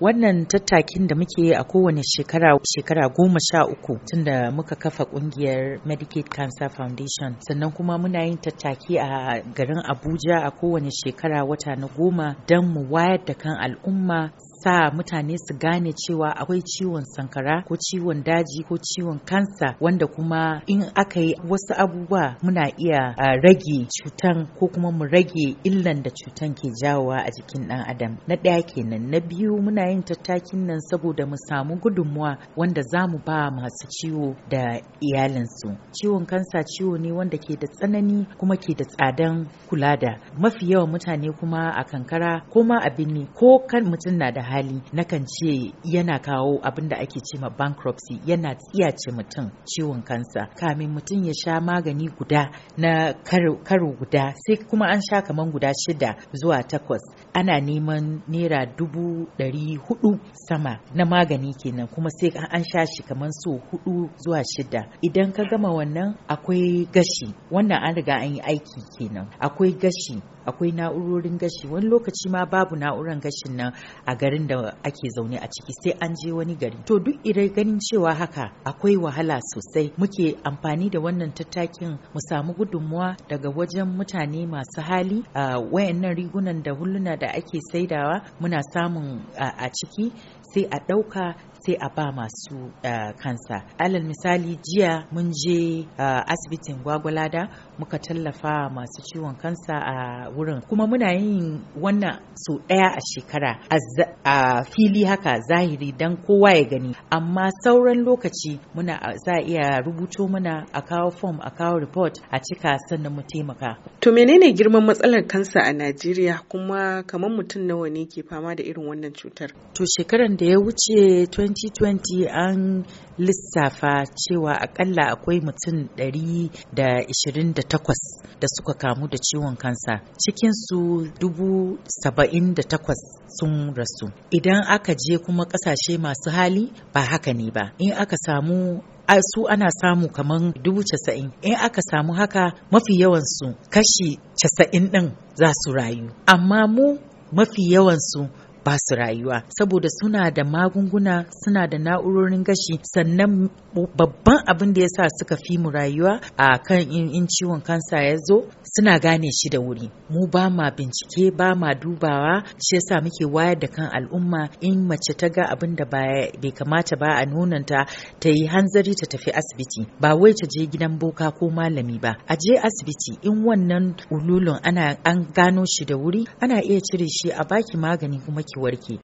wannan tattakin da muke a kowane shekara shekara goma sha uku tun da muka kafa kungiyar medicaid cancer foundation sannan kuma muna yin tattaki a garin abuja a kowane shekara wata na goma don mu wayar da kan al'umma sa mutane su gane cewa akwai ciwon sankara ko ciwon daji ko ciwon kansa wanda kuma in aka yi wasu abubuwa muna iya rage cutan ko kuma mu rage illan da cutan ke jawowa a jikin ɗan adam na ɗaya kenan na biyu muna yin tattakin nan saboda mu samu gudunmuwa wanda za mu ba masu ciwo da iyalinsu ciwon kansa ciwo ne wanda ke da tsanani kuma ke da tsadan kula da mafi yawan mutane kuma a kankara ko ma a ko kan mutum na da hali nakan ce yana kawo abin da ake ce ma bankruptcy yana tsiyace mutum ciwon kansa kamin mutum ya sha magani guda na karo guda sai kuma an sha kaman guda shida zuwa takwas ana neman naira dubu ɗari hudu sama na magani kenan kuma sai an sha shi kaman so hudu zuwa shida idan ka gama wannan akwai gashi wannan an riga an yi aiki kenan akwai gashi akwai na'urorin gashi wani lokaci ma babu na'urar gashin nan a garin da ake zaune a ciki sai an je wani gari to duk idan ganin cewa haka akwai wahala sosai muke amfani da wannan tattakin mu samu gudunmuwa daga wajen mutane masu hali a wayannan rigunan da hulluna da ake saidawa muna samun a ciki sai a ɗauka sai a ba masu kansa alal misali jiya mun je asibitin gwagwalada muka tallafa masu ciwon kansa a wurin kuma muna yin wannan su ɗaya a shekara a fili haka zahiri dan kowa ya gani amma sauran lokaci muna za a iya rubuto mana a kawo form a kawo report a cika sannan mu taimaka. To menene girman matsalar kansa a Najeriya kuma kamar mutum nawa ne ke fama da irin wannan cutar? To shekaran da ya wuce 2020 an lissafa cewa akalla akwai mutum 128 da suka kamu da ciwon kansa cikinsu dubu saba'in da takwas sun rasu idan aka je kuma ƙasashe masu hali ba haka ne ba in aka samu su ana samu kamar dubu casa'in in aka samu haka mafi yawansu kashi casa'in ɗin za su rayu amma mu mafi yawansu ba su rayuwa saboda suna da magunguna suna da na'urorin gashi sannan babban abin da ya sa suka fi mu rayuwa a kan in ciwon kansa ya zo suna gane shi da wuri mu ba ma bincike ba ma dubawa shi yasa muke wayar da kan al'umma in mace ta ga abin da bai kamata ba a nunanta ta yi hanzari ta tafi asibiti ba wai ta je gidan boka ko malami ba a je asibiti in wannan ululun ana an gano shi da wuri ana iya cire shi a baki magani kuma ki warke